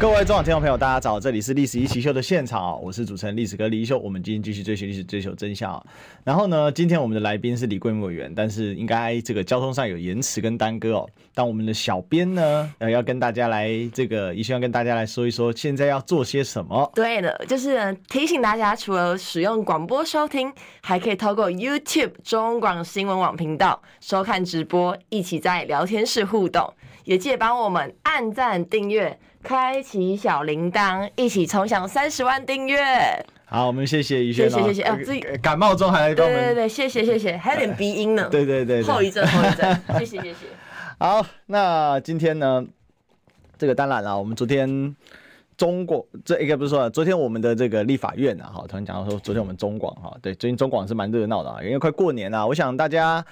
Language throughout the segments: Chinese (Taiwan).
各位中廣聽眾朋友，大家早。這裡是歷史易起 SHOW 的現場，我是主持人歷史哥李易修。我們今天繼續追尋歷史，追求真相。然後呢，今天我們的來賓是李貴敏委員，但是應該這個交通上有延遲跟耽擱哦。但我們的小編呢，呃，要跟大家來這個，也希望跟大家來說一說，現在要做些什麼？對的，就是提醒大家，除了使用廣播收聽，還可以透過 YouTube 中廣新聞網頻道收看直播，一起在聊天室互動。也記得幫我們按讚訂閱。訂閱開啟小鈴鐺，一起衝向三十萬訂閱！好，我們謝謝宇軒老師，謝謝謝、謝、哦、自己感冒中還來跟我們，對對對、對、對， 謝謝謝謝，還有點鼻音呢。對對對，後遺症後遺症，謝謝謝謝。好，那今天呢，這個當然了、啊，我們昨天中廣這一個不是說、啊，昨天我們的這個立法院啊，哈，突然講到說，昨天我們中廣哈、啊，對，最近中廣是蠻熱鬧的、啊，因為快過年了，我想大家。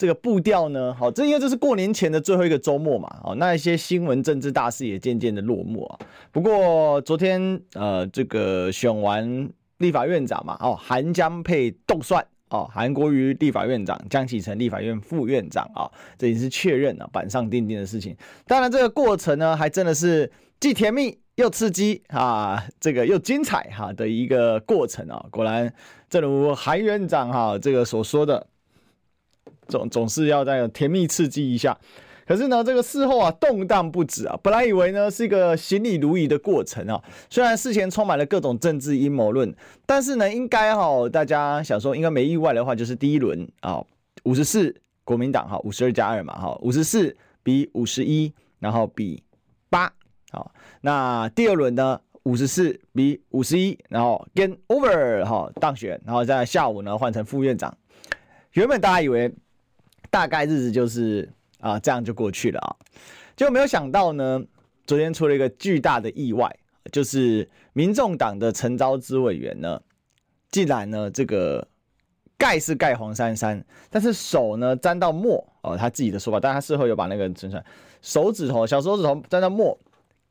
這個步調呢，好、哦，這應該就是過年前的最後一個周末嘛，好、哦、那一些新聞政治大事也漸漸的落幕啊。不過昨天，呃，這個選完立法院長嘛，哦，韓江配斗算哦，韓國瑜立法院長，江啟臣立法院副院長啊、哦，這也是確認了、啊、板上釘釘的事情。當然，這個過程呢，還真的是既甜蜜又刺激啊，這個又精彩哈、啊、的一個過程啊。果然，正如韓院長哈、啊、這個所說的。總總是要這樣甜蜜刺激一下，可是呢，這個事後啊動盪不止啊。本來以為呢是一個行禮如儀的過程啊，雖然事前充滿了各種政治陰謀論，但是呢，應該哈大家想說，應該沒意外的話，就是第一輪啊五十四國民黨哈五十二加二嘛哈五十四比五十一，然後比八好、哦。那第二輪呢五十四比五十一，然後 game over 哈、哦、當選，然後在下午呢換成副院長。原本大家以為大概日子就是啊，這樣就過去了啊，就沒有想到呢，昨天出了一個巨大的意外，就是民眾黨的陳昭姿委員呢，竟然呢，這個蓋是蓋黃珊珊，但是手呢，沾到墨哦、啊，他自己的說法，但是他事後有把那個整出來，手指頭小手指頭沾到墨，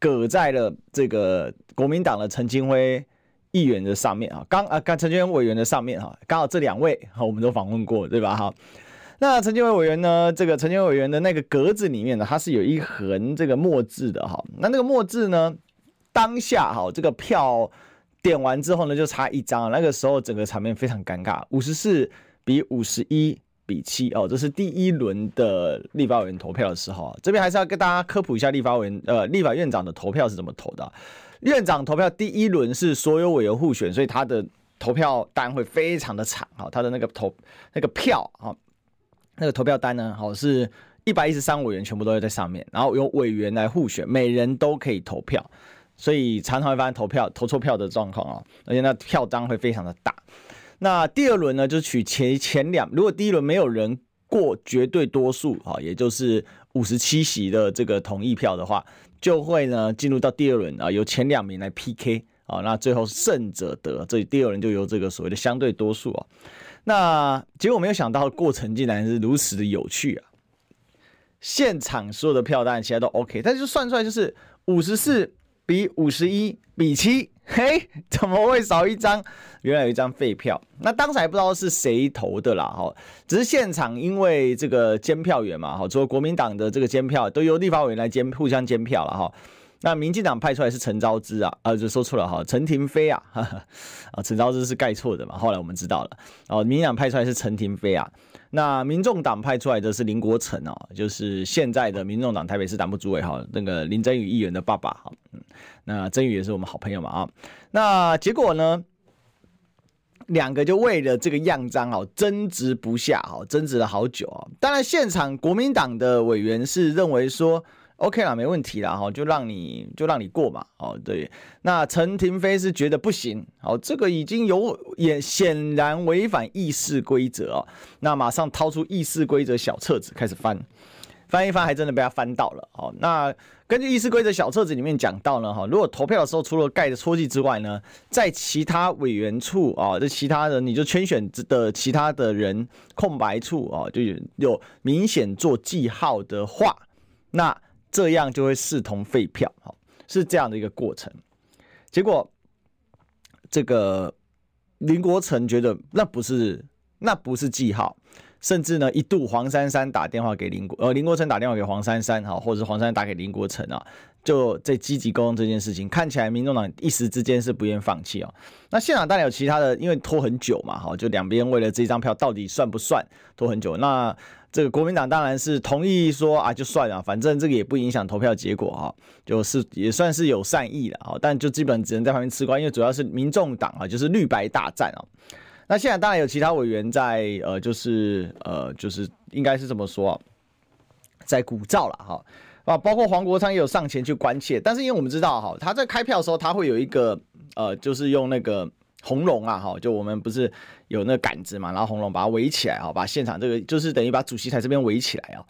擱在了這個國民黨的陳清輝。議員的上面啊，剛啊剛，陳、呃、建委，委員的上面哈、啊，剛好這兩位我們都訪問過，對吧哈？那陳建委委員呢？這個陳建委，委員的那個格子裡面呢，它是有一橫這個墨字的哈。那那個墨字呢，當下哈，這個票點完之後呢，就差一張，那個時候整個場面非常尷尬，五十四比五十一比七哦，這是第一輪的立法委員投票的時候，這邊還是要跟大家科普一下立法委員呃立法院長的投票是怎麼投的。院長投票第一輪是所有委員互選，所以他的投票單會非常的長，他的那個投那個票那個投票單呢，好是一百一十三委員全部都在上面，然後由委員來互選，每人都可以投票，所以常常會發生投票投錯票的狀況啊，而且那票單會非常的大。那第二輪呢，就取前前兩，如果第一輪沒有人過絕對多數啊，也就是五十七席的這個同意票的話。就會呢進入到第二輪啊，由前兩名來 PK 啊，那最後勝者得這第二輪就由這個所謂的相對多數啊，那結果我沒有想到的過程竟然是如此的有趣啊，現場所有的票單其實都 OK，但是就算出來就是五十四比五十一比七。嘿、欸，怎麼會少一張？原來有一張廢票。那當時還不知道是誰投的啦，哈。只是現場因為這個監票員嘛，哈，作為國民黨的這個監票都由立法委員來監，互相監票了，哈。那民進黨派出來是陳昭姿啊，呃，就說錯了哈，陳亭妃啊，陳昭姿是蓋錯的嘛，後來我們知道了。哦、呃，民進黨派出來是陳亭妃啊。那民眾黨派出來的是林國成哦，就是現在的民眾黨台北市黨部主委哈、哦，那個林珍羽議員的爸爸哈，嗯，那珍羽也是我們好朋友嘛啊、哦，那結果呢，兩個就為了這個樣章哦，爭執不下哈、哦，爭執了好久啊、哦，當然現場國民黨的委員是認為說。OK 啦，沒問題啦，哈、哦，就讓你就讓你過嘛，哦，對，那陳廷妃是覺得不行，哦，這個已經有也顯然違反議事規則、哦、那馬上掏出議事規則小冊子開始翻，翻一翻還真的被他翻到了，哦，那根據議事規則小冊子裡面講到呢，哈、哦，如果投票的時候，除了蓋的戳記之外呢，在其他委員處啊，這、哦、其他人你就圈選的其他的人空白處啊、哦，就有有明顯做記號的話，那。這樣就會視同廢票，是這樣的一個過程。結果，這個林國成覺得那不是那不是記號，甚至呢一度黃珊珊打電話給林國呃林國成打電話給黃珊珊，哈，或者是黃珊珊打給林國成啊，就在積極溝通這件事情。看起來民眾黨一時之間是不願放棄哦啊。那現場當然有其他的，因為拖很久嘛，哈，就兩邊為了這張票到底算不算拖很久那。這個國民黨當然是同意說啊，就算了，反正這個也不影響投票結果啊、哦，就是也算是有善意的啊，但就基本只能在旁邊吃瓜，因為主要是民眾黨啊，就是綠白大戰啊、哦。那現在當然有其他委員在，呃，就是呃，就是應該是這麼說、啊，在鼓譟了哈啊，包括黃國昌也有上前去關切，但是因為我們知道哈、啊，他在開票的時候他會有一個呃，就是用那個紅龍啊哈，就我們不是。有那桿子嘛，然後紅龍把它圍起來啊、哦，把現場這個就是等於把主席台這邊圍起來啊、哦，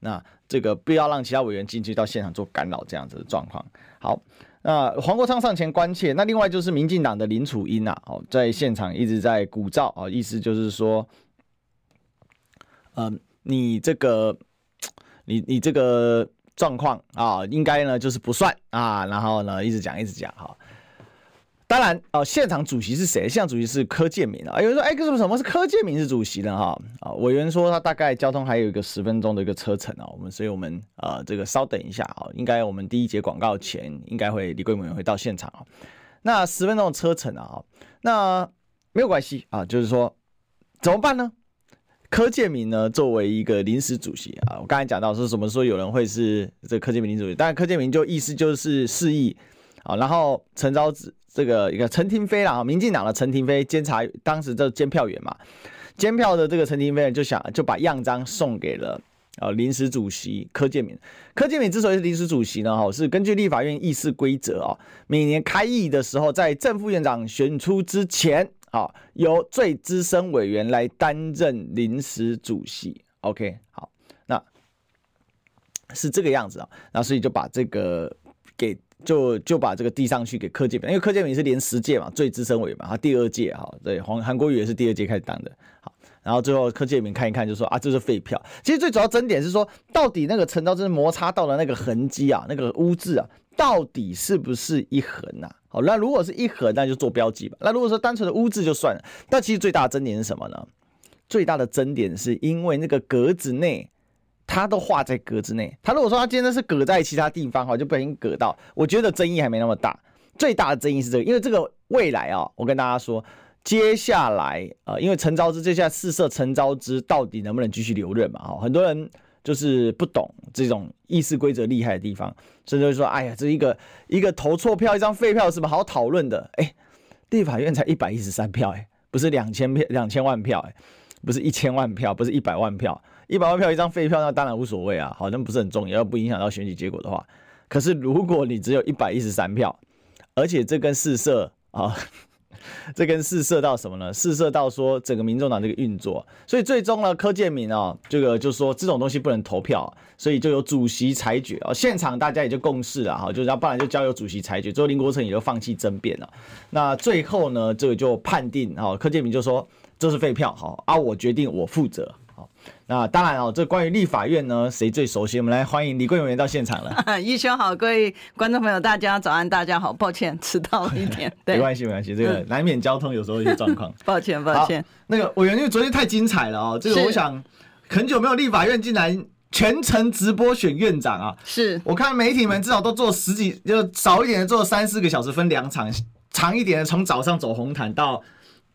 那這個不要讓其他委員進去到現場做干擾這樣子的狀況。好，那黃國昌上前關切，那另外就是民進黨的林楚茵啊，哦，在現場一直在鼓噪哦，意思就是說，嗯、呃，你這個，你你這個狀況啊，應該呢就是不算啊，然後呢一直講一直講哈。當然啊、呃，現場主席是誰？現場主席是柯建銘啊。有人說：“哎、欸，這是什麼是柯建銘是主席呢？”哈、呃、啊，委員說他大概交通還有一個十分鐘的一個車程啊。我們，所以我們啊、呃、這個稍等一下啊，應該我們第一節廣告前應該會李貴敏會到現場、啊、那十分鐘車程啊，那沒有關係啊，就是說怎麼辦呢？柯建銘呢，作為一個臨時主席啊，我剛才講到說什麼說有人會是這柯建銘臨時主席，但是柯建銘就意思就是示意啊，然後陳昭子。這個一個陳亭妃啦，民進黨的陳亭妃監察當時這監票員嘛，監票的這個陳亭妃就想就把樣章送給了、呃、臨時主席柯建銘，柯建銘之所以是臨時主席呢、哦，是根據立法院議事規則啊，每年開議的時候，在正副院長選出之前、哦，由最資深委員來擔任臨時主席。OK，好，那，是這個樣子啊，那所以就把這個給。就就把這個遞上去給柯建銘，因為柯建銘是連十屆嘛，最資深委嘛，他第二屆哈，對，黃韓國瑜也是第二屆開始當的。好，然後最後柯建銘看一看就說啊，這是廢票。其實最主要爭點是說，到底那個陳高真的摩擦到了那個痕跡啊，那個污漬啊，到底是不是一橫吶、啊？好，那如果是一橫，那就做標記吧。那如果說單純的污漬就算了，但其實最大的爭點是什麼呢？最大的爭點是因為那個格子內。他都畫在格子內，他如果說他今天是擱在其他地方哈，就不小心擱到。我覺得爭議還沒那麼大，最大的爭議是這個，因為這個未來啊、哦，我跟大家說，接下來啊、呃、因為陳昭之這下試色，陳昭之到底能不能繼續留任嘛？很多人就是不懂這種議事規則厲害的地方，甚至會說，哎呀，這一個一個投錯票，一張廢票是吧？好討論的，哎、欸，立法院才一百一十三票、欸，哎，不是兩千票，兩千萬票、欸，哎，不是一千萬票，不是一百萬票。一百萬票一張廢票，那當然無所謂啊，好像不是很重要，要不影響到選舉結果的話。可是如果你只有一百一十三票，而且這跟試射啊呵呵，這跟試射到什麼呢？試射到說整個民眾黨這個運作。所以最終呢，柯建銘啊、哦，這個就說這種東西不能投票，所以就有主席裁決啊，現場大家也就共識了哈，就是要不然就交由主席裁決。最後林國成也就放棄爭辯了。那最後呢，這個就判定啊，柯建銘就說這是廢票，好啊，我決定我負責。那、啊、當然哦，這關於立法院呢，誰最熟悉？我們來歡迎李貴敏委員到現場了。易修 好，各位觀眾朋友，大家早安，大家好，抱歉遲到一點，對 沒關係，沒關係，這個難免交通有時候一些狀況。嗯、 抱歉，抱歉。那個委員，因為昨天太精彩了哦，這個我想是很久沒有立法院進來全程直播選院長啊，是我看媒體們至少都做十幾，就少一點的做三四個小時，分兩場，長一點的從早上走紅毯到。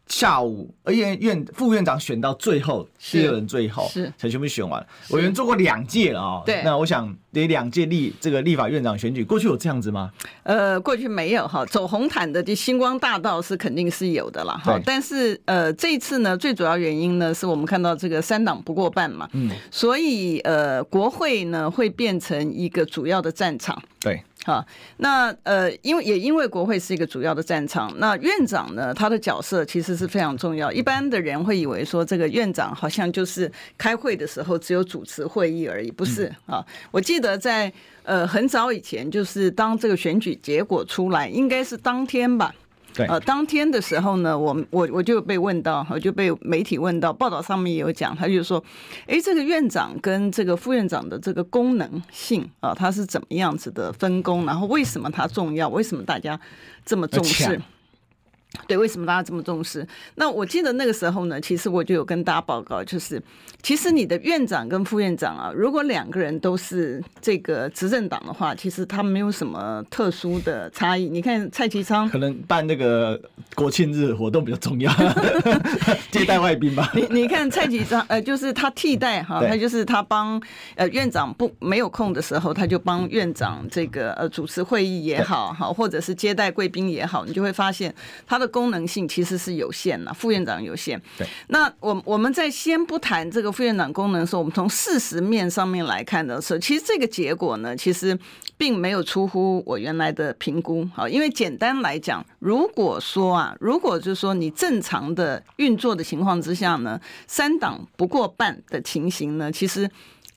下午，而院院副院長選到最後，第二是輪最後是才全部選完。是我原做過兩屆了、哦、啊，對那我想，得兩屆立這個立法院長選舉，過去有這樣子嗎？呃，過去沒有哈，走紅毯的這星光大道是肯定是有的了哈。對但是呃，這一次呢，最主要原因呢，是我們看到這個三黨不過半嘛，嗯，所以呃，國會呢會變成一個主要的戰場，對。哈、啊，那呃，因為也因為國會是一個主要的戰場，那院長呢，他的角色其實是非常重要。一般的人會以為說，這個院長好像就是開會的時候只有主持會議而已，不是啊？我記得在呃很早以前，就是當這個選舉結果出來，應該是當天吧。對呃，當天的時候呢，我我我就被問到，我就被媒體問到，報道上面也有講，他就說，哎，這個院長跟這個副院長的這個功能性啊，他、呃、是怎麼樣子的分工，然後為什麼他重要，為什麼大家這麼重視？對，為什麼大家這麼重視？那我記得那個時候呢，其實我就有跟大家報告，就是其實你的院長跟副院長啊，如果兩個人都是這個執政黨的話，其實他沒有什麼特殊的差異。你看蔡其昌可能辦那個國慶日活動比較重要， 接待外賓吧 你。你你看蔡其昌呃，就是他替代哈，對他就是他幫呃院長不沒有空的時候，他就幫院長這個呃主持會議也好好，或者是接待貴賓也好，你就會發現他。它的功能性其實是有限的，啊，副院長有限。對，那我我們在先不談這個副院長功能的時候，我們從事實面上面來看的時候，其實這個結果呢，其實並沒有出乎我原來的評估。好，因為簡單來講，如果說啊，如果就是說你正常的運作的情況之下呢，三黨不過半的情形呢，其實。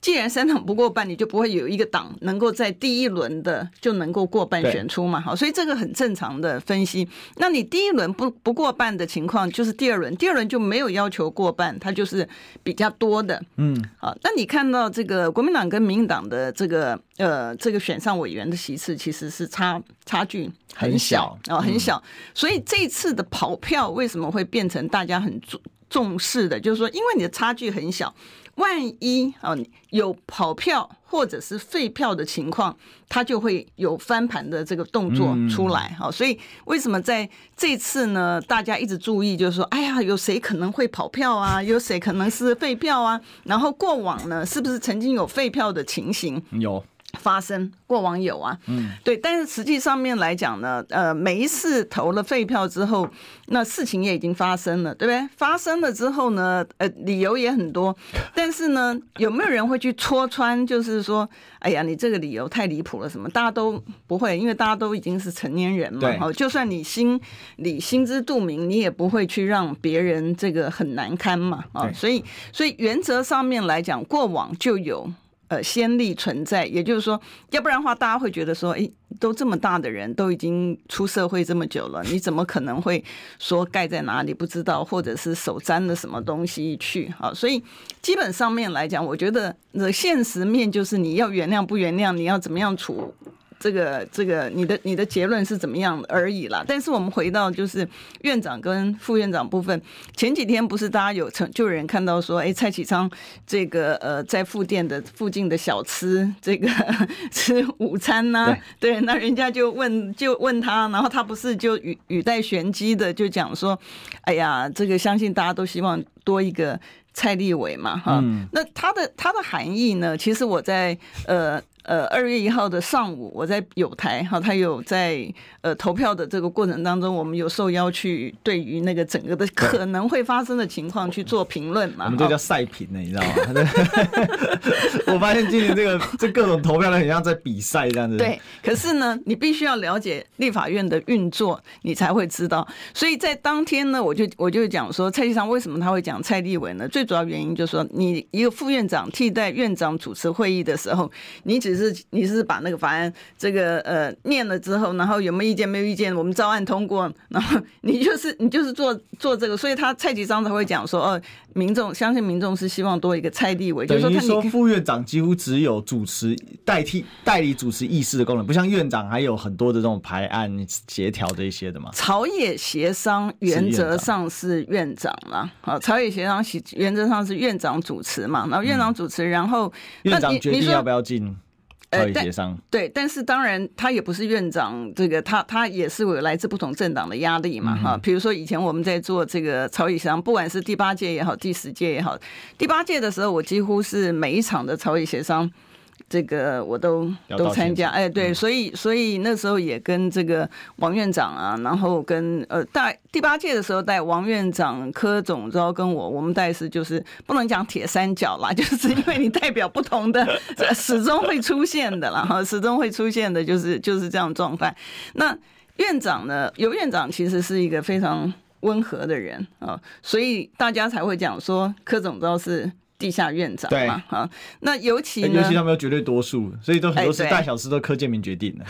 既然三黨不過半，你就不會有一個黨能夠在第一輪的就能夠過半選出嘛？對好，所以這個很正常的分析。那你第一輪不不過半的情況，就是第二輪，第二輪就沒有要求過半，它就是比較多的。嗯，好，那你看到這個國民黨跟民黨的這個呃這個選上委員的席次，其實是差差距很小啊小、哦，很小。嗯、所以這次的跑票為什麼會變成大家很重重視的？就是說，因為你的差距很小。萬一啊，有跑票或者是廢票的情況，他就會有翻盤的這個動作出來啊。所以為什麼在這次呢？大家一直注意，就是說，哎呀，有誰可能會跑票啊？有誰可能是廢票啊？然後過往呢，是不是曾經有廢票的情形？有。發生過往有啊，嗯，對，但是實際上面來講呢，呃，每一次投了廢票之後，那事情也已經發生了，對不對？發生了之後呢，呃，理由也很多，但是呢，有沒有人會去戳穿？就是說，哎呀，你這個理由太離譜了，什麼？大家都不會，因為大家都已經是成年人嘛，好對，就算你心你心知肚明，你也不會去讓別人這個很難堪嘛，啊，所以，所以原則上面來講，過往就有。呃，先例存在，也就是說，要不然的話，大家會覺得說，哎、欸，都這麼大的人，都已經出社會這麼久了，你怎麼可能會說蓋在哪裡不知道，或者是手沾了什麼東西去？好，所以基本上面來講，我覺得那現實面就是你要原諒不原諒，你要怎麼樣處。這個這個，這個、你的你的結論是怎麼樣而已啦。但是我們回到就是院長跟副院長部分，前幾天不是大家有成就人看到說，哎，蔡其昌這個呃在附店的附近的小吃，這個吃午餐呢、啊？對，對，那人家就問就問他，然後他不是就語語帶玄機的就講說，哎呀，這個相信大家都希望多一個蔡立委嘛哈。嗯、那他的他的含義呢？其實我在呃。呃，二月一號的上午，我在友台哈、哦，他有在呃投票的這個過程當中，我們有受邀去對於那個整個的可能會發生的情況去做評論嘛？ 好我們就叫賽評呢，你知道嗎？ 我發現今年這個 這各種投票呢，很像在比賽這樣子。對，可是呢，你必須要了解立法院的運作，你才會知道。所以在當天呢，我就我就講說，蔡其昌為什麼他會講蔡立委呢？最主要原因就是說，你一個副院長替代院長主持會議的時候，你只你是你是把那個法案這個呃念了之後，然後有沒有意見？沒有意見，我們照案通過，然後你就是你就是做做這個。所以他蔡其昌才會講說，哦，民眾相信民眾是希望多一個蔡立委。等於說副院長幾乎只有主持代替代理主持議事的功能，不像院長還有很多的這種排案協調的一些的嘛。朝野協商原則上是院長嘛，哦，朝野協商原則上是院長主持嘛，然後院長主持，嗯、然後院長決定你說要不要進。呃、但對，但是當然他也不是院長，這個他他也是有來自不同政黨的壓力嘛哈。比、嗯嗯、如說以前我們在做這個朝野協商，不管是第八屆也好，第十屆也好，第八屆的時候我幾乎是每一場的朝野協商。這個我都都參加，哎，欸、對，嗯、所以所以那時候也跟這個王院長啊，然後跟呃大，第八屆的時候帶王院長、柯總招跟我，我們帶是就是不能講鐵三角啦，就是因為你代表不同的， 始終會出現的啦，哈， 始終會出現的，就是就是這樣狀態。那院長呢，尤院長其實是一個非常溫和的人啊、呃，所以大家才會講說柯總招是。地下院長嘛，對嘛，啊？那尤其尤其他們有絕對多數，所以都很多事，大小事都柯建銘決定了。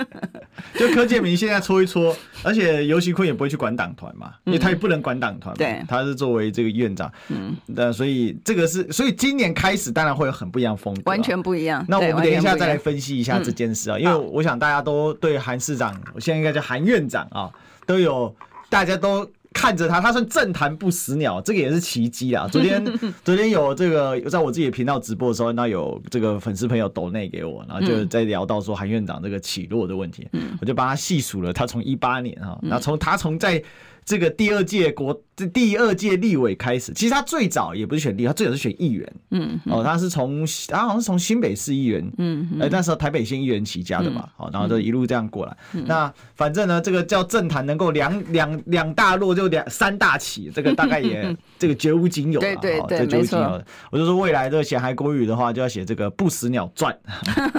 欸、 就柯建銘現在搓一搓， 而且游錫堃也不會去管黨團嘛，嗯、因為他也不能管黨團嘛。對，他是作為這個院長，嗯，那所以這個是，所以今年開始當然會有很不一樣風格、啊，完全不一樣。那我們等一下再來分析一下這件事啊，嗯、因為我想大家都對韓市長，我現在應該叫韓院長啊，都有大家都。看着他，他算政壇不死鳥，這個也是奇蹟啊！昨天昨天有這個，在我自己的頻道直播的時候，那有這個粉絲朋友抖內給我，然後就在聊到說韓院長這個起落的問題，嗯、我就幫他細數了他從一八年啊，然後從他從在這個第二屆國。第二屆立委開始，其實他最早也不是選立委，他最早是選議員。嗯，哦，他是從他好像是從新北市議員。嗯，哎，那時候台北縣議員起家的嘛，好，然後就一路這樣過來。那反正呢，這個叫政壇能夠兩兩兩大落就兩三大起，這個大概也這個絕無僅有。對對對，沒錯。我就說未來這個寫海國語的話，就要寫這個不死鳥傳，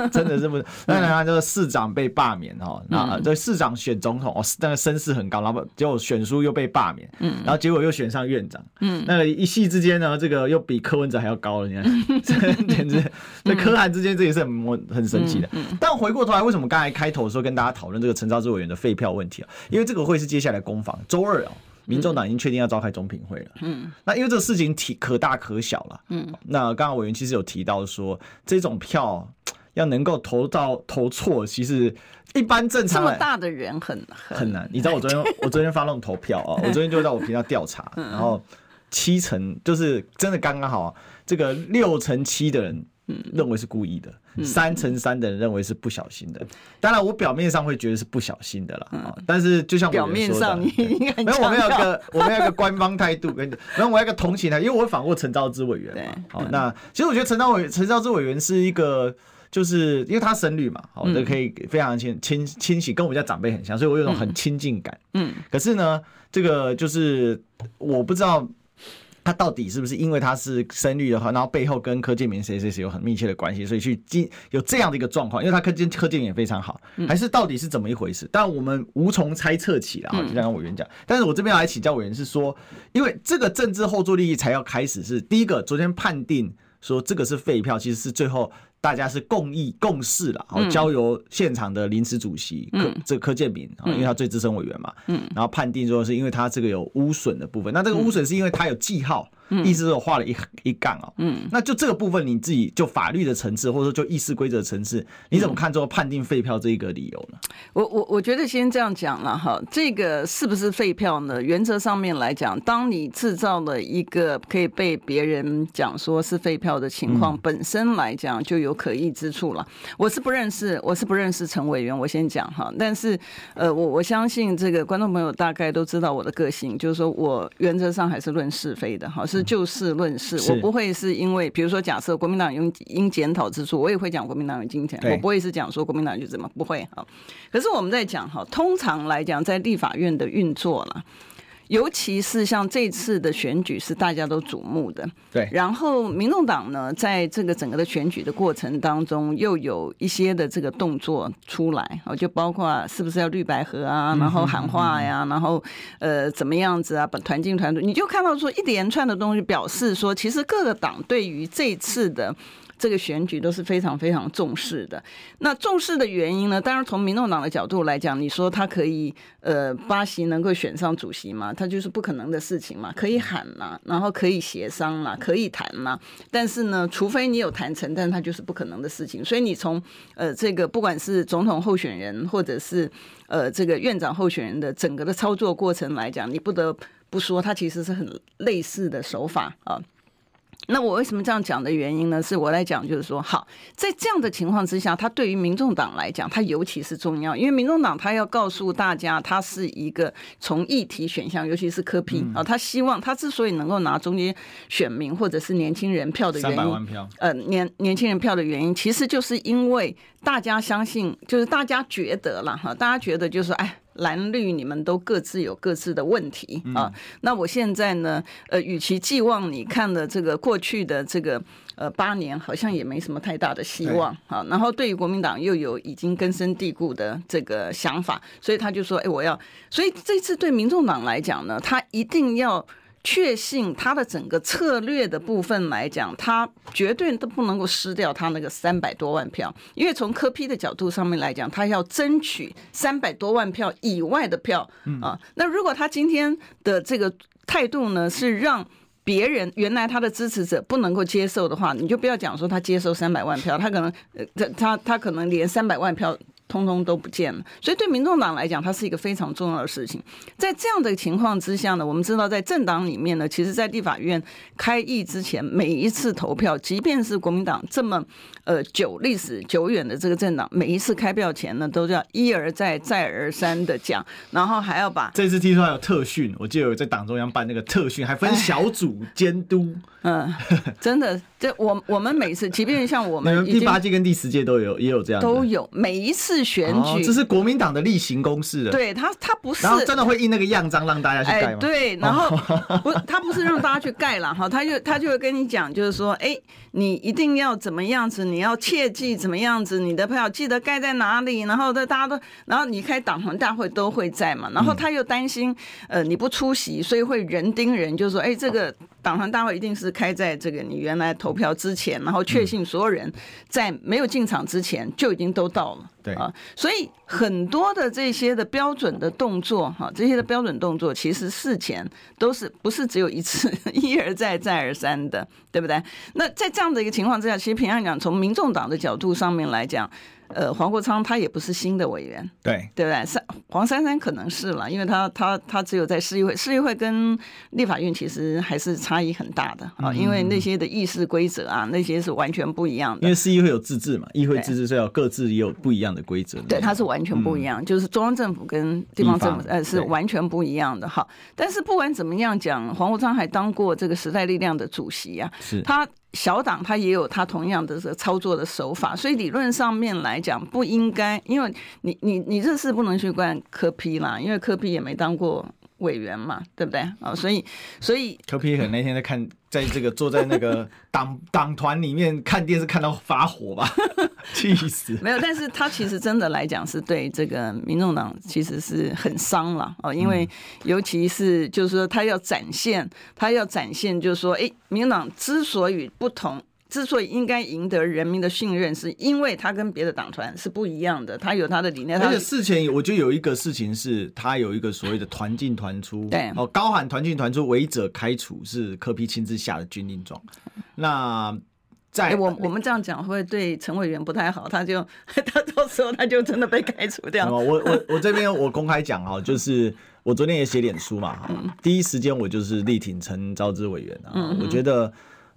真的是不是？那然後這個市長被罷免哦，那這市長選總統哦，那個聲勢很高，然後結果選輸又被罷免，嗯，然後結果，如又選上院長，嗯，那一夕之間呢，這個又比柯文哲還要高了，你看，真 簡直。那、嗯、柯韓之間這也是很很神奇的。嗯嗯、但回過頭來，為什麼剛才開頭說跟大家討論這個陳昭姿委員的廢票問題啊？因為這個會是接下來攻防。週二哦，民眾黨已經確定要召開中評會了。嗯，那因為這個事情體可大可小了。嗯，那剛剛委員其實有提到說，這種票。要能夠投到投錯，其實一般正常這麼大的人很很難。你知道我昨天我昨天發動投票啊、喔，我昨天就在我頻道調查，然後七成就是真的剛剛好、啊，這個六成七的人認為是故意的，三成三的人認為是不小心的。當然我表面上會覺得是不小心的啦，但是就像表面上沒有我沒有一個我沒有一個官方態度，跟然後我要一個同情他，因為我訪過陳昭姿委員，嘛。好，那其實我覺得陳昭委陳昭姿委員是一個。就是因為他生率嘛，好，就可以非常清清清晰，跟我們家長輩很像，所以我有種很親近感。嗯，可是呢，這個就是我不知道他到底是不是因為他是生育的話，然後背後跟柯建銘、誰誰誰有很密切的關係，所以去有這樣的一個狀況。因為他柯建柯建也非常好，還是到底是怎麼一回事？但我們無從猜測起，然、哦、就像我委員講，但是我這邊要來請教委員是說，因為這個政治後座利益才要開始是第一個，昨天判定說這個是廢票，其實是最後。大家是共議共事了，然後交由現場的臨時主席柯這、嗯、柯建銘，因為他最資深委員嘛，然後判定說是因為他這個有污損的部分，那這個污損是因為他有記號。嗯。意思是我畫了一一槓哦，嗯，那就這個部分你自己就法律的層次，或者說就議事規則層次，你怎麼看這個判定廢票這一個理由呢？我我我覺得先這樣講了哈，這個是不是廢票呢？原則上面來講，當你製造了一個可以被別人講說是廢票的情況，本身來講就有可疑之處了。我是不認識，我是不認識陳委員，我先講哈。但是，呃，我我相信這個觀眾朋友大概都知道我的個性，就是說我原則上還是論是非的哈，是。就事論事，是我不會是因為，比如說假設國民黨有應檢討之處，我也會講國民黨有金錢，對我不會是講說國民黨就怎麼不會哈。可是我們在講哈，通常來講在立法院的運作了。尤其是像這次的選舉是大家都矚目的，對。然後民眾黨呢，在這個整個的選舉的過程當中，又有一些的這個動作出來，哦，就包括是不是要綠白合啊，然後喊話呀，嗯哼嗯哼然後呃怎麼樣子啊，把團進團隊，你就看到說一連串的東西，表示說其實各個黨對於這次的。這個選舉都是非常非常重視的。那重視的原因呢？當然從民眾黨的角度來講，你說他可以呃，巴西能夠選上主席嘛？他就是不可能的事情嘛。可以喊嘛，然後可以協商啦，可以談嘛。但是呢，除非你有談成，但他就是不可能的事情。所以你從呃這個不管是總統候選人或者是呃這個院長候選人的整個的操作過程來講，你不得不說，他其實是很類似的手法啊。那我為什麼這樣講的原因呢？是我來講，就是說，好，在這樣的情況之下，他對於民眾黨來講，他尤其是重要，因為民眾黨他要告訴大家，他是一個從議題選項，尤其是柯 P、嗯，啊、哦，他希望他之所以能夠拿中間選民或者是年輕人票的原因，三百萬票呃，年年輕人票的原因，其實就是因為大家相信，就是大家覺得了哈、哦，大家覺得就是說哎。唉藍綠你們都各自有各自的問題、嗯、啊。那我現在呢，呃，與其寄望你看了這個過去的這個呃八年，好像也沒什麼太大的希望對啊。然後對於國民黨又有已經根深蒂固的這個想法，所以他就說，哎、欸，我要。所以這次對民眾黨來講呢，他一定要。確信他的整個策略的部分來講，他絕對都不能夠失掉他那個三百多萬票，因為從柯 P 的角度上面來講，他要爭取三百多萬票以外的票、嗯、啊。那如果他今天的這個態度呢，是讓別人原來他的支持者不能夠接受的話，你就不要講說他接受三百萬票，他可能呃他他他可能連三百萬票。通通都不見了，所以對民眾黨來講，它是一個非常重要的事情。在這樣的情況之下呢，我們知道，在政黨裡面呢，其實，在立法院開議之前，每一次投票，即便是國民黨這麼呃久歷史久遠的這個政黨，每一次開票前呢，都要一而再、再而三的講，然後還要把這次聽說還有特訓，我記得有在黨中央辦那個特訓，還分小組監督，嗯，真的。 我我們每次，即便像我們第八屆跟第十屆都有也有這樣，都有每一次選舉，哦、這是國民黨的例行公事了對他，他不是然後真的會印那個樣章讓大家去蓋嗎、哎？對，然後、哦、不， 他不是讓大家去蓋了哈，他就他就會跟你講，就是說，哎、欸，你一定要怎麼樣子，你要切記怎麼樣子，你的票記得蓋在哪裡。然後，都大家都，然後你開黨團大會都會在嘛。然後他又擔心，呃，你不出席，所以會人盯人，就是說，哎、欸，這個黨團大會一定是開在這個你原來投。投票之前，然後確信所有人在沒有進場之前就已經都到了，對、嗯、啊，所以很多的這些的標準的動作，哈、啊，這些的標準動作其實事前都是不是只有一次，一而再再而三的，對不對？那在這樣的一個情況之下，其實平安港從民眾黨的角度上面來講。呃，黃國昌他也不是新的委員，對，對不對？黃珊珊可能是了，因為他他他只有在市議會，市議會跟立法院其實還是差異很大的啊，嗯、因為那些的議事規則啊，那些是完全不一樣的。因為市議會有自治嘛，議會自治是要各自也有不一樣的規則。對，他是完全不一樣，嗯、就是中央政府跟地方政府呃是完全不一樣的哈對。但是不管怎麼樣講，黃國昌還當過這個時代力量的主席啊，是他。小黨他也有他同樣的這個操作的手法，所以理論上面來講不應該，因為你你你這是不能去怪柯 P 啦，因為柯 P 也沒當過委員嘛，對不對？啊，哦，所以所以柯 P 很那天在看，在這個 坐在那個黨黨團裡面看電視看到發火吧。 氣氣死！ 沒有，但是他其實真的來講，是對這個民眾黨其實是很傷了哦，因為尤其是就是說，他要展現，他要展現，就是說，哎、欸，民眾黨之所以不同，之所以應該贏得人民的信任，是因為他跟別的黨團是不一樣的，他有他的理念。他的事前，我就有一個事情是，他有一個所謂的團進團出， 對哦，高喊團進團出，違者開除，是柯 P 親自下的軍令狀，那。在再、欸、我我們這樣講，會對陳委員不太好？他就他到時候他就真的被開除掉、 嗯。我我我這邊我公開講哈，就是我昨天也寫臉書嘛，嗯、第一時間我就是力挺陳昭姿委員啊，嗯、哼我覺得。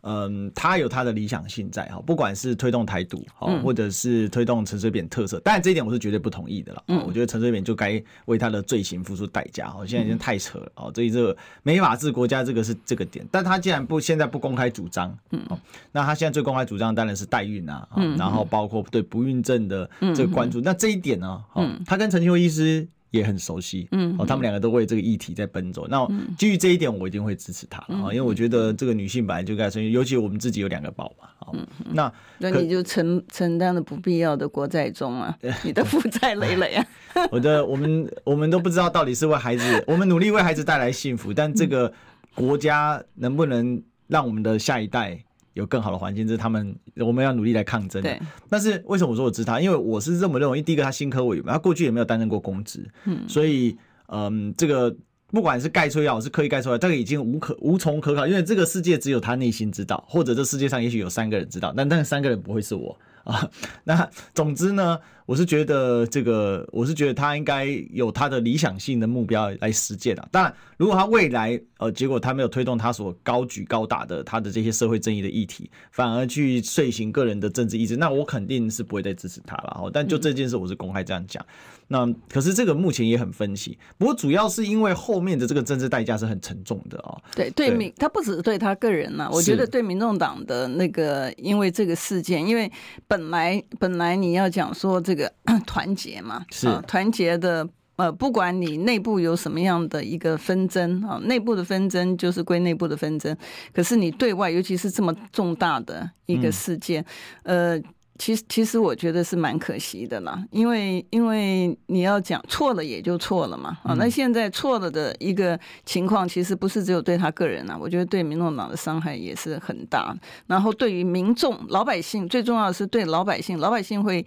嗯，他有他的理想性在哈，不管是推動台獨哈，或者是推動陳水扁特色，但這一點我是絕對不同意的了。嗯，我覺得陳水扁就該為他的罪行付出代價。哈，現在已經太扯了哦。所以這個沒法治國家這個是這個點，但他既然不現在不公開主張，嗯，哦，那他現在最公開主張當然是代孕啊，嗯嗯、然後包括對不孕症的這個關注，嗯嗯、那這一點呢，嗯，他跟陳菁徽醫師，也很熟悉，嗯哼，哦，他們兩個都為這個議題在奔走。嗯、哼那基於這一點，我一定會支持他，啊、嗯哼，因為我覺得這個女性本來就該生育，尤其我們自己有兩個寶嘛。好、嗯哼，那那可你就承承擔了不必要的國債中啊， 你的負債累累啊， 我的，我們我們都不知道到底是為孩子， 我們努力為孩子帶來幸福，但這個國家能不能讓我們的下一代？有更好的環境，這是他們我們要努力來抗爭。對，但是為什麼我說我知道？因為我是這麼認為。因為第一個，他新科委，他過去也沒有擔任過公職，嗯，所以，嗯，這個不管是蓋錯藥還是刻意蓋錯藥，這個已經無可無從可考，因為這個世界只有他內心知道，或者這世界上也許有三個人知道，但但是三個人不會是我。啊， 那總之呢，我是覺得這個，我是覺得他應該有他的理想性的目標來實踐啊。當然，如果他未來呃，結果他沒有推動他所高舉高打的他的這些社會正義的議題，反而去遂行個人的政治意志，那我肯定是不會再支持他了。哦，但就這件事，我是公開這樣講。嗯那、嗯、可是這個目前也很分析。不過主要是因為後面的這個政治代價是很沉重的啊、哦。對對，民對他不只是對他個人吶、啊，是我覺得對民眾黨的那個，因為這個事件，因為本來本來你要講說這個團結嘛，是、啊、團結的呃，不管你內部有什麼樣的一個紛爭啊，內部的紛爭就是歸內部的紛爭，可是你對外，尤其是這麼重大的一個事件，嗯、呃。其實，其實我覺得是蠻可惜的啦，因為因為你要講錯了也就錯了嘛啊。那現在錯了的一個情況，其實不是只有對他個人啊，我覺得對民眾黨的傷害也是很大。然後對於民眾、老百姓，最重要的是對老百姓，老百姓會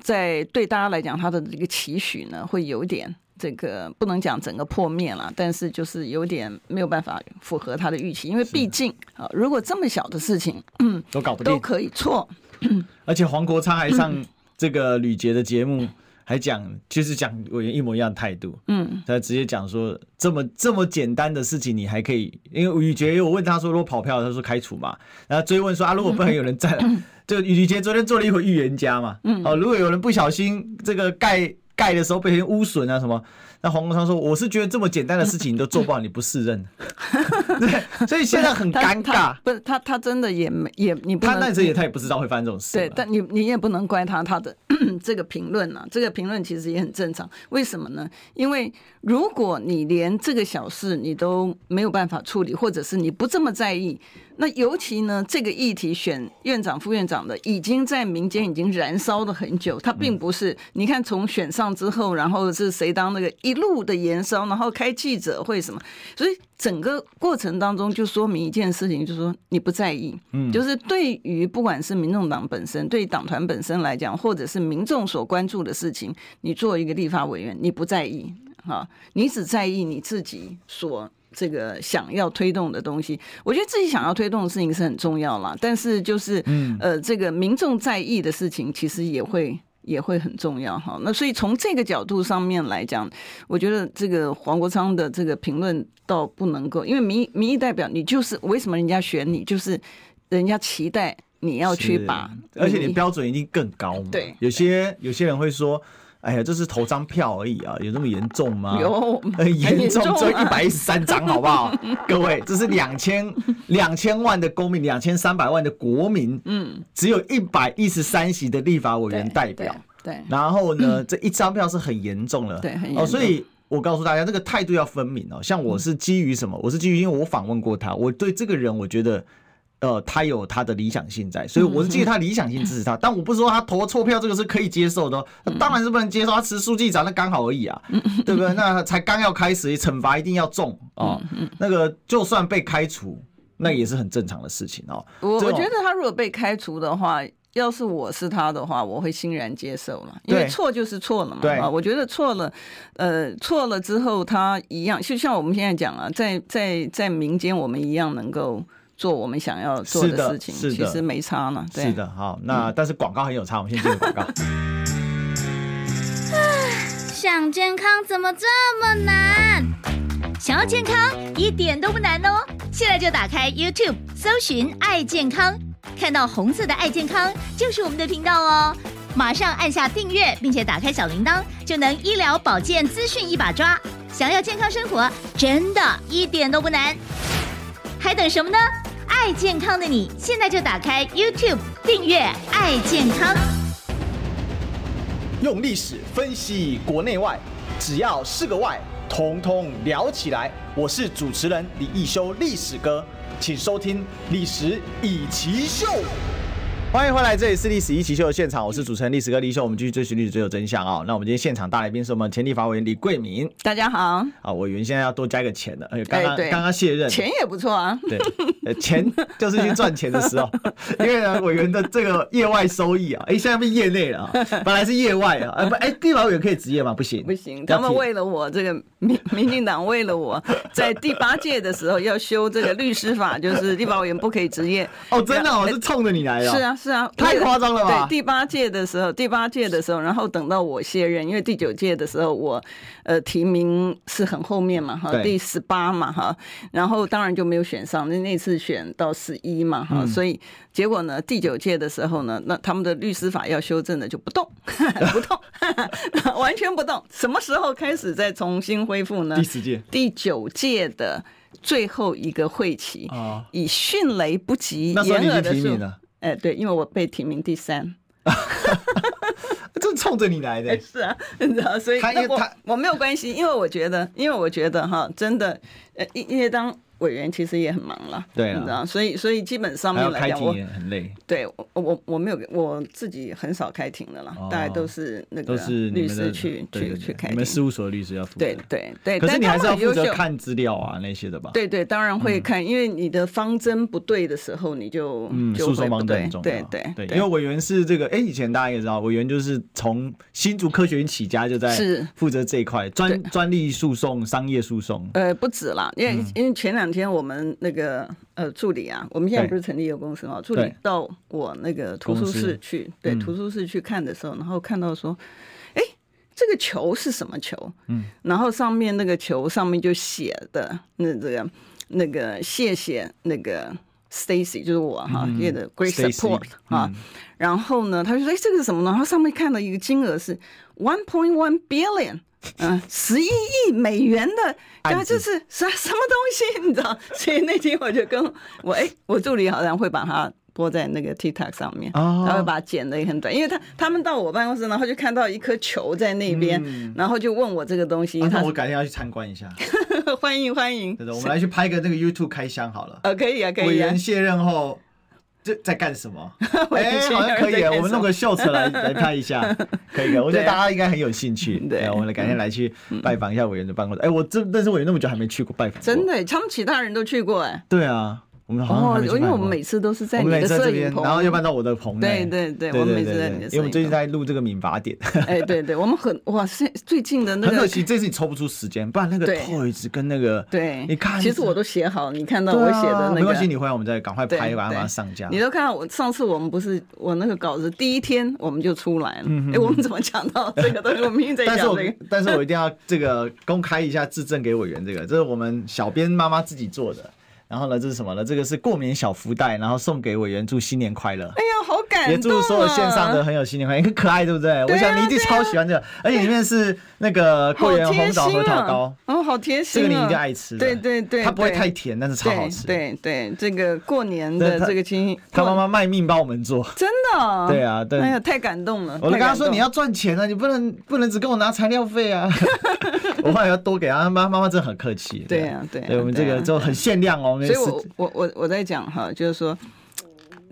在對大家來講他的一個期許呢，會有點這個不能講整個破滅了，但是就是有點沒有辦法符合他的預期，因為畢竟啊，如果這麼小的事情、嗯、都搞不定，都可以錯。 而且黃國昌還上這個呂杰的節目還，還講、嗯、就是講委員一模一樣的態度。嗯，他直接講說這麼這麼簡單的事情你還可以，因為呂杰我問他說如果跑票，他說開除嘛，然後追問說啊如果不然有人在，嗯、就呂杰昨天做了一回預言家嘛，哦、嗯啊、如果有人不小心這個蓋蓋的時候被人污損啊什麼。那黃國昌說：“我是覺得這麼簡單的事情你都做不好， 你不適任， 所以現在很尷尬。”不是他，他真的也沒也你不。他那時也他也不知道會發生這種事。對，但你你也不能怪他他的。 這個評論呢、啊？這個評論其實也很正常。為什麼呢？因為如果你連這個小事你都沒有辦法處理，或者是你不這麼在意，那尤其呢，這個議題選院長、副院長的已經在民間已經燃燒了很久。他並不是你看從選上之後，然後是誰當那個一路的延燒，然後開記者會什麼，所以整個過程當中就說明一件事情，就是說你不在意。嗯，就是對於不管是民眾黨本身，對黨團本身來講，或者是民。眾所關注的事情，你做一個立法委員，你不在意哈，你只在意你自己所這個想要推動的東西。我覺得自己想要推動的事情是很重要啦，但是就是，呃，這個民眾在意的事情，其實也會也會很重要哈。那所以從這個角度上面來講，我覺得這個黃國昌的這個評論倒不能夠，因為民民意代表，你就是為什麼人家選你，就是人家期待。你要去把，而且你標準一定更高嘛、嗯。對，有些有些人會說：“哎呀，這是投張票而已啊，有那麼嚴重嗎？”有呦很嚴重，只有一百一十三張，好不好？ 各位，這是兩千兩千萬的公民，兩千三百萬的國民，嗯，只有一百一十三席的立法委員代表。對。對對，然後呢，這一張票是很嚴重了、嗯，對，很嚴重。哦，所以我告訴大家，這個態度要分明哦。像我是基於什麼？嗯、我是基於因為我訪問過他，我對這個人，我覺得。呃，他有他的理想性在，所以我是基於他理想性支持他，嗯、哼但我不是說他投錯票，這個是可以接受的？啊，當然是不能接受。他辭書記長那剛好而已啊，嗯、哼對不對？那才剛要開始，懲罰一定要重啊。哦嗯，哼那個就算被開除，那也是很正常的事情哦。我，種我覺得他如果被開除的話，要是我是他的話，我會欣然接受了，因為錯就是錯了嘛。對，我覺得錯了，呃，錯了之後他一樣，就像我們現在講啊，在在在民間，我們一樣能夠。做我們想要做的事情，的其實沒差呢。是的，對是的，好，那但是廣告很有差，嗯、我們先進入廣告。 想健康怎麼這麼難？想要健康一點都不難哦！現在就打開 YouTube，搜尋“愛健康”，看到紅色的“愛健康”就是我們的頻道哦。馬上按下訂閱，並且打開小鈴鐺，就能醫療保健資訊一把抓。想要健康生活，真的一點都不難，還等什麼呢？愛健康的你，現在就打開 YouTube 訂閱“愛健康”。用歷史分析國內外，只要是個“外”，統統聊起來。我是主持人李易修，歷史哥，請收聽《歷史易起 SHOW》。歡迎回來，這裡是歷史易起 SHOW 的現場，我是主持人歷史哥李易修，我們繼續追尋歷史，追求真相啊、哦。那我們今天現場大來賓是我們前立法委員李貴敏，大家好。啊，我委員現在要多加一個錢的，剛剛剛剛卸任，錢也不錯啊。對，錢就是去賺錢的時候， 因為呢委員的這個業外收益啊，哎、欸，現在變業內了、啊，本來是業外啊，哎、欸、不，哎、欸，立法委員可以執業嗎？不行，不行，他們為了我這個民民進黨為了我 在第八屆的時候要修這個律師法，就是立法委員不可以執業。哦，真的、哦，我、哎、是衝着你來的、啊。是啊。是啊，太誇張了吧？對，第八屆的時候，第八屆的時候，然後等到我卸任，因為第九屆的時候我，呃，提名是很後面嘛，哈，第十八嘛，哈對，然後當然就沒有選上，那那次選到十一嘛，哈、嗯，所以結果呢，第九屆的時候呢，那他們的律師法要修正的就不動， 不動， 完全不動，什麼時候開始再重新恢復呢？第十屆，第九屆的最後一個會期，哦、以迅雷不及掩耳的時欸、對，因為我被提名第三，就衝着你來的、欸欸是啊。是啊，你知道，所以他，他我沒有關係，因為我覺得，因為我覺得哈，真的，呃，因因為當。委員其實也很忙了，對，你知道，所以所以基本上面來講，我很累。對，我我我沒有我自己很少開庭的啦。大家都是那個都是律師去去去開，你們事務所的律師要負責。對對對，但是你還是要負責看資料啊那些的吧？對對，當然會看，因為你的方針不對的時候，你就訴訟方針對對對對，因為委員是這個哎，以前大家也知道，委員就是從新竹科學園起家，就在是。負責這一塊專專利訴訟、商業訴訟，呃不止了，因為因為前兩。兩天，我們那個呃助理啊，我們現在不是成立一個公司嘛？對助理到我那個圖書室去，司對圖書室去看的時候，嗯、然後看到說，哎，這個球是什麼球？嗯，然後上面那個球上面就寫的那這個那個謝謝那個 Stacy，就是我、嗯、哈，的 Great Support 啊、嗯。然後呢，他就說，哎，這個是什麼呢？他上面看到一個金額是。One point one billion，嗯、呃，十一億美元的，然後這是啥什麼東西？你知道？所以那天我就跟我，哎、欸，我助理好像會把它播在那個 TikTok 上面，他會把它剪得也很短，因為他他們到我辦公室然後就看到一顆球在那邊，嗯、然後就問我這個東西、啊。那我改天要去參觀一下。 歡迎歡迎。對，我們來去拍個這個 YouTube 開箱好了。呃、哦，可以啊，可以啊。委員卸任後。在幹什麼？哎， 好像可以， 我們弄個秀車來 來拍一下，可以的。我覺得大家應該很有興趣。對啊，對啊，我們來趕緊來去拜訪一下委員的辦公室。哎、嗯，我這但是委員那麼久還沒去過拜訪過，真的，他們其他人都去過哎。對啊。我們好像有有、oh, 因為我們每次都是在你的攝影棚，然後又搬到我的棚，的棚我、欸。對對對，我們每次在你的。因為我們最近在錄這個《民法典》。哎，對對，我們很哇，是最近的那個。很可惜，這次你抽不出時間，不然那個托一直跟那個對，你看，其實我都寫好，你看到我寫的那個。啊、沒關係，你回來我們再趕快拍，把它上架。你都看到我上次我們不是我那個稿子第一天我們就出來了，哎、嗯哼欸，我們怎麼講到這個東西？都是我們明明在講這個 但，但是我一定要這個公開一下質證給委員，這個這是我們小編媽媽自己做的。然後呢，這是什麼了？這個是過年小福袋，然後送給委員，祝新年快樂。哎呀，好感動！也祝所有線上的很有新年快樂，很可愛，對不對？對啊，我想你一定超喜歡這個，而且裡面是那個桂圓紅棗核桃糕，哦，好貼心！這個你一定愛吃。對對對，它不會太甜，但是超好吃。對對，這個過年的這個親戚，他媽媽賣命幫我們做，真的。對啊，對。哎呀，太感動了！我都跟他說，你要賺錢啊，你不能不能只跟我拿材料費啊，我還要多給他媽。媽媽真的很客氣。對啊，對，對我們這個就很限量哦。所以我我我我在講哈，就是說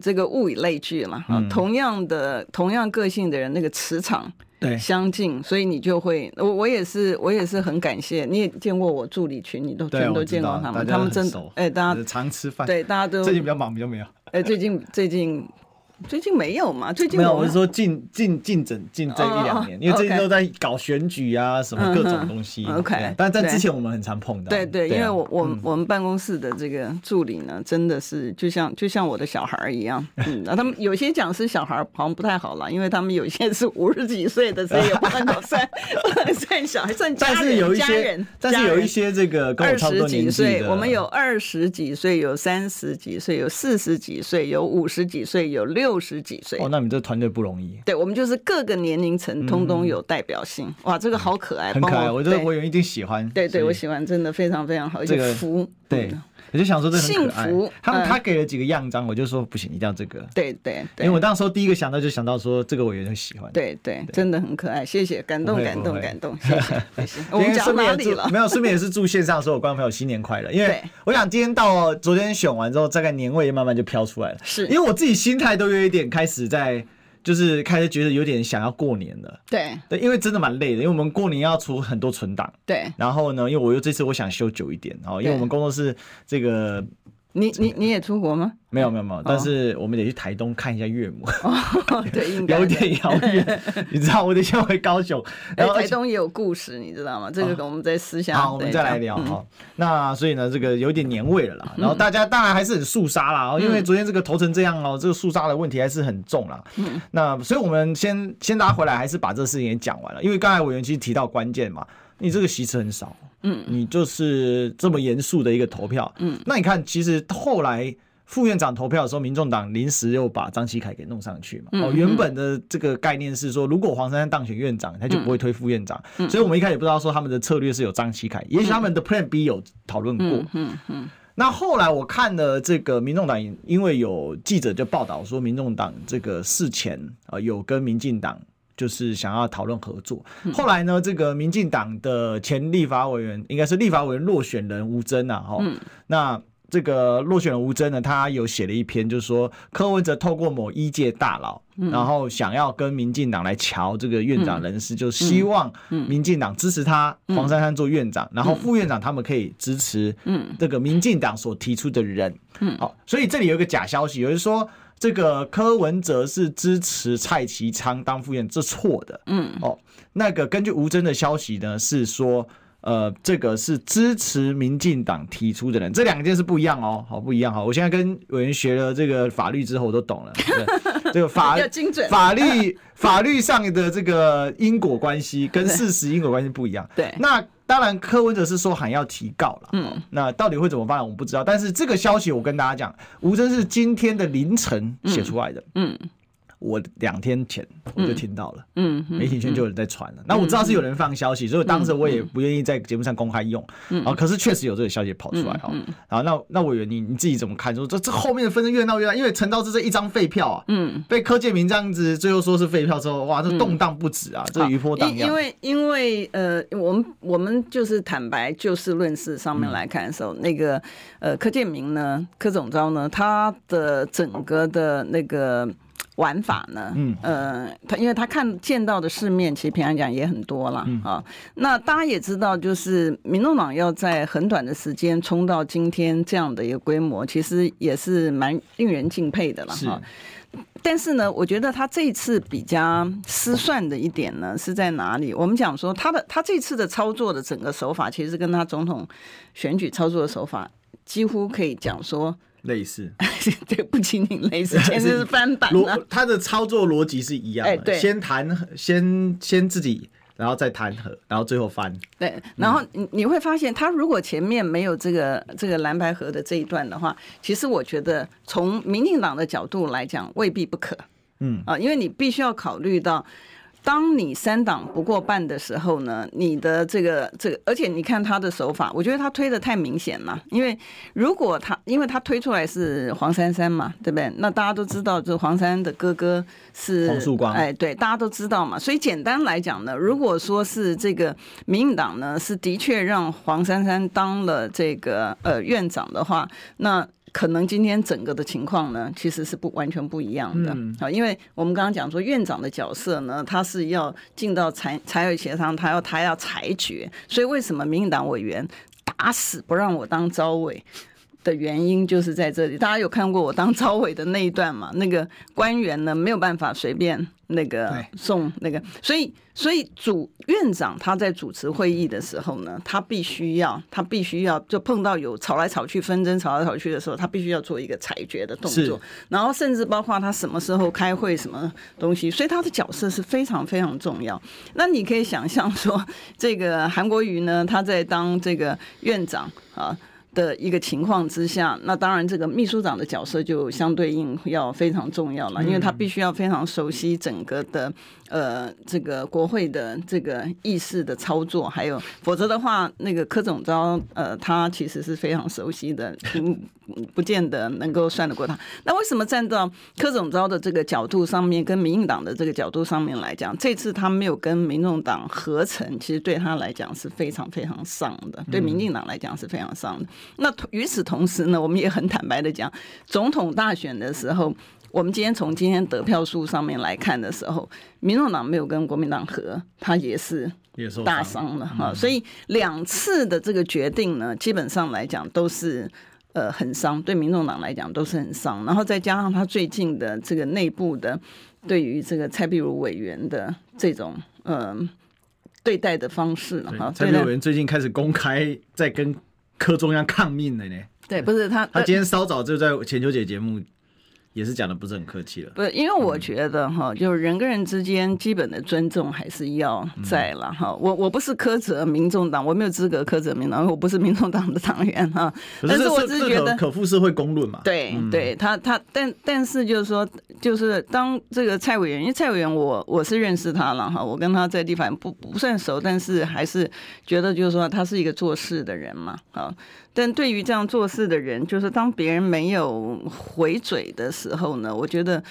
這個物以類聚嘛，嗯、同樣的同樣個性的人，那個磁場對相近，對所以你就會我我也是我也是很感謝，你也見過我助理群，你都對全都見過他們，他們真哎大家常吃飯，對大家都最近比較忙，比較沒有，哎最近最近。最近最近沒有嘛？最近有沒，有沒有，我是說進進進整進這一兩年，oh, okay. 因為最近都在搞選舉啊，什麼各種東西。Uh huh. OK，但在之前我們很常碰到。對，對對，對啊，因為我我我們辦公室的這個助理呢，真的是就像就像我的小孩一樣。 嗯、啊，他們有些講是小孩，好像不太好了，因為他們有些是五十幾歲的，所以也不能算 算小孩，還算家人，但是有一些家人。家人但是有一些這個二十幾歲，我們有二十幾歲，有三十幾歲，有四十幾歲，有五十幾歲，有六。有六十幾歲哦，那你這團隊不容易。對，我們就是各個年齡層通通有代表性。嗯、哇，這個好可愛，嗯、很可愛。我覺得我,我有一定喜歡。對對,對對，是我喜歡，真的非常非常好，這個福對。對我就想說這很可愛，他們他給了幾個樣張，我就說不行，一定要這個。對對，因為我當時候第一個想到就想到說這個，我有點喜歡。對對，真的很可愛，謝謝，感動感動感動，謝謝。我們講到哪裡了？沒有，順便也是祝線上所有觀眾朋友新年快樂。因為我想今天到昨天選完之後，大概年味也慢慢就飄出來了。是因為我自己心態都有一點開始在。就是開始覺得有點想要過年了，對，因為真的蠻累的，因為我們過年要出很多存檔，對，然後呢，因為我又這次我想休久一點，然後因為我們工作室這個。你你你也出國嗎？沒有沒有沒有，但是我們得去台東看一下岳母，對，應該，有點遙遠，你知道我得先回高雄。台東也有故事，你知道嗎？這個我們再私下，好，我們再來聊。那所以呢，這個有點年味了啦。然後大家當然還是很肅殺啦，因為昨天這個投成這樣哦，這個肅殺的問題還是很重啦。那所以我們先先拉回來，還是把這個事情也講完了。因為剛才委員其實提到關鍵嘛，你這個席次很少。嗯，你就是這麼嚴肅的一個投票，嗯，那你看，其實後來副院長投票的時候，民眾黨臨時又把張啓楷給弄上去嘛，嗯嗯、哦，原本的這個概念是說，如果黃珊珊當選院長，他就不會推副院長，嗯、所以我們一開始不知道說他們的策略是有張啓楷，嗯、也許他們的 Plan B 有討論過，嗯嗯。嗯嗯嗯，那後來我看了這個民眾黨，因為有記者就報道說，民眾黨這個事前啊有跟民進黨。就是想要討論合作。嗯、後來呢，這個民進黨的前立法委員，應該是立法委員落選人吳崢、啊嗯、那這個落選人吳崢呢，他有寫了一篇，就是說柯文哲透過某一屆大佬，嗯、然後想要跟民進黨來喬這個院長人事，嗯、就希望民進黨支持他、嗯、黃珊珊做院長，嗯、然後副院長他們可以支持，嗯，這個民進黨所提出的人，嗯，好，所以這裡有一個假消息，有人說。這個柯文哲是支持蔡其昌當副院，這錯的。嗯，哦，那個根據吳崢的消息呢，是說，呃，這個是支持民進黨提出的人，這兩件事不一樣哦，好不一樣哈。我現在跟委員學了這個法律之後，我都懂了。 是是這個法律 精準， 法律法律上的這個因果關係跟事實因果關係不一樣。對，對那。當然，柯文哲是說還要提告了，嗯，那到底會怎麼發展，我們不知道。但是這個消息，我跟大家講，吳崢是今天的凌晨寫出來的，嗯。嗯我兩天前我就聽到了，嗯，媒體圈就有人在傳了。那我知道是有人放消息，所以當時我也不願意在節目上公開用，嗯，啊，可是確實有這個消息跑出來，嗯，啊，那那我以為你你自己怎麼看？說這這後面的紛爭越鬧越大，因為陳道是這一張廢票啊，嗯，被柯建銘這樣子最後說是廢票之後，哇，這動盪不止啊，這餘波盪漾。因為因為呃，我們我們就是坦白就事論事上面來看的時候，那個呃柯建銘呢，柯總召呢，他的整個的那個。玩法呢？呃，他因為他看見到的世面，其實平常講也很多了啊、嗯哦。那大家也知道，就是民眾黨要在很短的時間衝到今天這樣的一個規模，其實也是蠻令人敬佩的了哈，是但是呢，我覺得他這一次比較失算的一點呢是在哪裡？我們講說他的他這次的操作的整個手法，其實跟他總統選舉操作的手法幾乎可以講說。類似， 對，不僅僅類似，其實是翻版，啊、 是他它的操作邏輯是一樣的，欸、先談先先自己，然後再談和，然後最後翻。對，嗯、然後你你會發現，他如果前面沒有這個這個藍白合的這一段的話，其實我覺得從民進黨的角度來講，未必不可。嗯啊，因為你必須要考慮到。當你三黨不過半的時候呢，你的這個這個，而且你看他的手法，我覺得他推得太明顯了。因為如果他，因為他推出來是黃珊珊嘛，對不對？那大家都知道，這黃珊珊的哥哥是黃樹光，哎，對，大家都知道嘛。所以簡單來講呢，如果說是這個民進黨呢，是的確讓黃珊珊當了這個呃院長的話，那。可能今天整個的情況呢，其實是不完全不一樣的。好、嗯，因為我們剛剛講說，院長的角色呢，他是要進到裁裁委協商，他要他要裁決，所以為什麼民進黨委員打死不讓我當召委？的原因就是在這裡。大家有看過我當召委的那一段嘛？那個官員呢，沒有辦法隨便那個送那個，對所以所以主院長他在主持會議的時候呢，他必須要他必須要就碰到有吵來吵去、紛爭吵來吵去的時候，他必須要做一個裁決的動作。是然後甚至包括他什麼時候開會，什麼東西，所以他的角色是非常非常重要。那你可以想象說，這個韓國瑜呢，他在當這個院長啊。的一個情況之下，那當然這個秘書長的角色就相對應要非常重要了，因為他必須要非常熟悉整個的呃這個國會的這個議事的操作，還有否則的話，那個柯總召呃他其實是非常熟悉的，嗯，不見得能夠算得過他。那為什麼站到柯總召的這個角度上面，跟民進黨的這個角度上面來講，這次他沒有跟民眾黨合成，其實對他來講是非常非常傷的，對民進黨來講是非常傷的。那與此同時呢，我們也很坦白的講，總統大選的時候，我們今天從今天得票數上面來看的時候，民眾黨沒有跟國民黨合，他也是大傷了哈。所以兩次的這個決定呢，嗯、基本上來講都是呃很傷，對民眾黨來講都是很傷。然後再加上他最近的這個內部的對於這個蔡壁如委員的這種嗯、呃、對待的方式對哈，蔡壁如委員最近開始公開在跟。柯中央抗命的呢？對，不是他，他今天稍早就在錢秋姐節，節目。也是講的不是很客氣了，不是，因為我覺得哈、嗯哦，就是人跟人之間基本的尊重還是要在了哈、嗯。我我不是苛責民眾黨，我沒有資格苛責民眾黨，我不是民眾黨的黨員哈、啊。但是我是覺得可覆社會公論嘛。對、嗯、對，他他，但但是就是說，就是當這個蔡委員，因為蔡委員我我是認識他了哈，我跟他在地方不不算熟，但是還是覺得就是說他是一個做事的人嘛，哈。但對於這樣做事的人，就是當別人沒有回嘴的時候呢，我覺得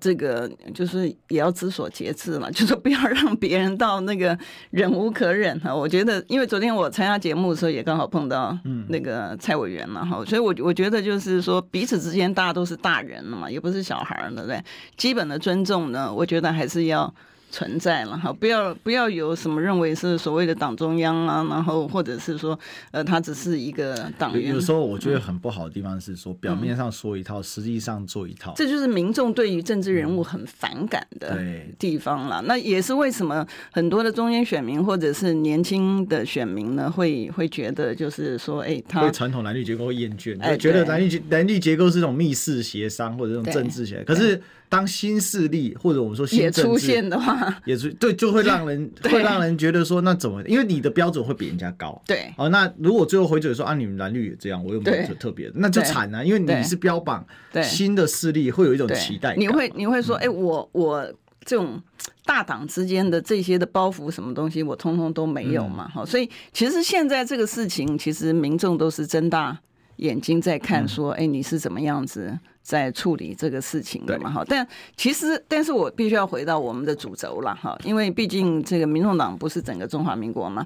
這個就是也要知所節制嘛，就是、說不要讓別人到那個忍無可忍哈。我覺得，因為昨天我參加節目的時候也剛好碰到那個蔡委員嘛哈，嗯、所以我我覺得就是說彼此之間大家都是大人了嘛，也不是小孩兒了，對，對，基本的尊重呢，我覺得還是要。存在了哈，不要不要有什麼認為是所謂的黨中央啊，然後或者是說，呃，他只是一個黨員。有時候我覺得很不好的地方是說，表面上說一套，嗯、實際上做一套。這就是民眾對於政治人物很反感的地方了。嗯、那也是為什麼很多的中間選民或者是年輕的選民呢，會會覺得就是說，哎、欸，他對傳統藍綠結構會厭倦，哎，覺得藍綠藍綠結構是一種密室協商或者這種政治協商，可是。當新勢力或者我們說新也出現的話，也出對就會讓人 對會讓人覺得說那怎麼？因為你的標準會比人家高。對哦，那如果最後回嘴說啊，你們藍綠也這樣，我又沒有說特別的，對那就慘了，啊。因為你是標榜對新的勢力，會有一種期待。你會你會說，哎、嗯欸，我我這種大黨之間的這些的包袱什麼東西，我通通都沒有嘛？哈、嗯，所以其實現在這個事情，其實民眾都是增大，眼睛在看，說，哎、欸，你是怎麼樣子在處理這個事情的嘛？哈、嗯，但其實，但是我必須要回到我們的主軸了，哈，因為畢竟這個民眾黨不是整個中華民國嘛，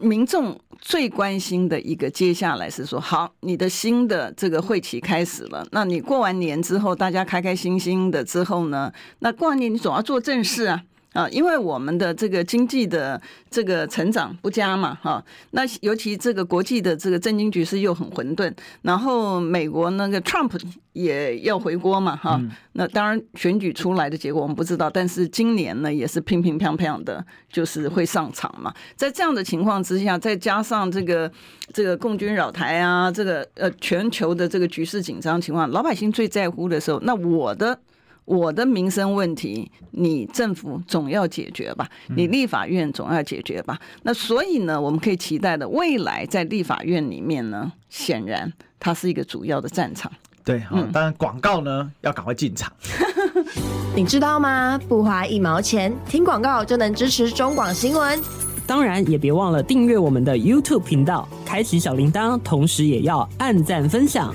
民眾最關心的一個，接下來是說，好，你的新的這個會期開始了，那你過完年之後，大家開開心心的之後呢，那過完年你總要做正事啊。啊，因為我們的這個經濟的這個成長不佳嘛，哈，那尤其這個國際的這個政經局勢又很混沌，然後美國那個 Trump 也要回國嘛，哈，那當然選舉出來的結果我們不知道，但是今年呢也是乒乒乓乓的，就是會上場嘛。在這樣的情況之下，再加上這個這個共軍擾台啊，這個呃全球的這個局勢緊張情況，老百姓最在乎的時候，那我的。我的民生問題，你政府總要解決吧，你立法院總要解決吧。嗯、那所以呢，我們可以期待的未來，在立法院裡面呢，顯然它是一個主要的戰場。對，當然廣告呢要趕快進場。 你知道嗎？不花一毛錢，聽廣告就能支持中廣新聞。當然也別忘了訂閱我們的 YouTube 頻道，開啟小鈴鐺，同時也要按讚分享。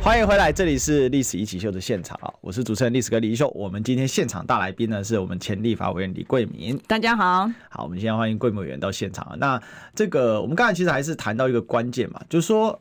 歡迎回來，這裡是《歷史易起 SHOW》的現場啊！我是主持人歷史哥李易修，我們今天現場大來賓呢，是我們前立法委員李貴敏。大家好，好，我們現在歡迎貴敏委員到現場了。那這個，我們剛才其實還是談到一個關鍵嘛，就是說。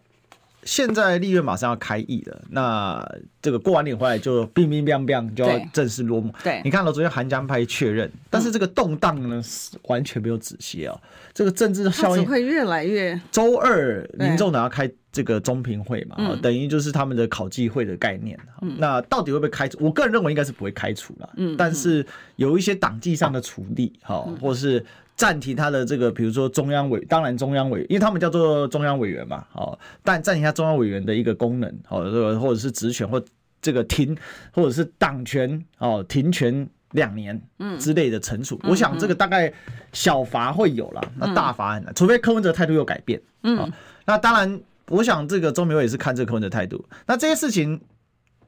現在立院馬上要開議了，那這個過完年回來就乒乒乓乓就要正式落幕。對，你看到昨天韓江配確認，但是這個動盪呢是、嗯、完全沒有止息哦。這個政治效應會越來越。週二民眾黨要開這個中評會嘛，對哦、等於就是他們的考績會的概念、嗯哦。那到底會不會開除？我個人認為應該是不會開除了，嗯、但是有一些黨紀上的處理，哈、嗯哦，或是。暫停他的這個，比如說中央委，當然中央委，因為他們叫做中央委員嘛，好、哦，但暫停一下中央委員的一個功能，好、哦，或者是職權，或這個停，或者是黨權哦，停權兩年之類的懲處，嗯嗯嗯、我想這個大概小罰會有了，那大罰很難，嗯、除非柯文哲態度又改變。哦、嗯，那當然，我想這個周明偉也是看這個柯文哲態度。那這些事情，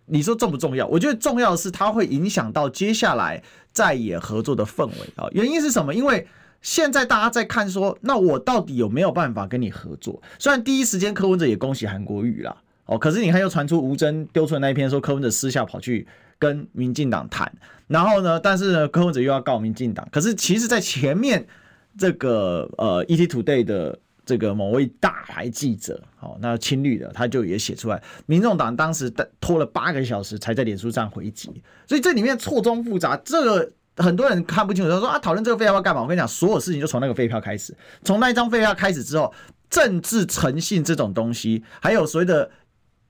你說重不重要？我覺得重要的是它會影響到接下來在野合作的氛圍啊、哦。原因是什麼？因為現在大家在看說，那我到底有沒有辦法跟你合作？雖然第一時間柯文哲也恭喜韓國瑜啦，哦，可是你看又傳出吳徵丟出的那一篇說柯文哲私下跑去跟民進黨談，然後呢，但是呢，柯文哲又要告民進黨。可是其實，在前面這個呃《ETtoday》的這個某位大牌記者，哦，那親綠的他就也寫出來，民眾黨當時拖了八個小時才在臉書上回擊，所以這裡面錯綜複雜，這個。很多人看不清楚，他說啊，討論這個廢票要幹嘛？我跟你講，所有事情就從那個廢票開始，從那一張廢票開始之後，政治誠信這種東西，還有所謂的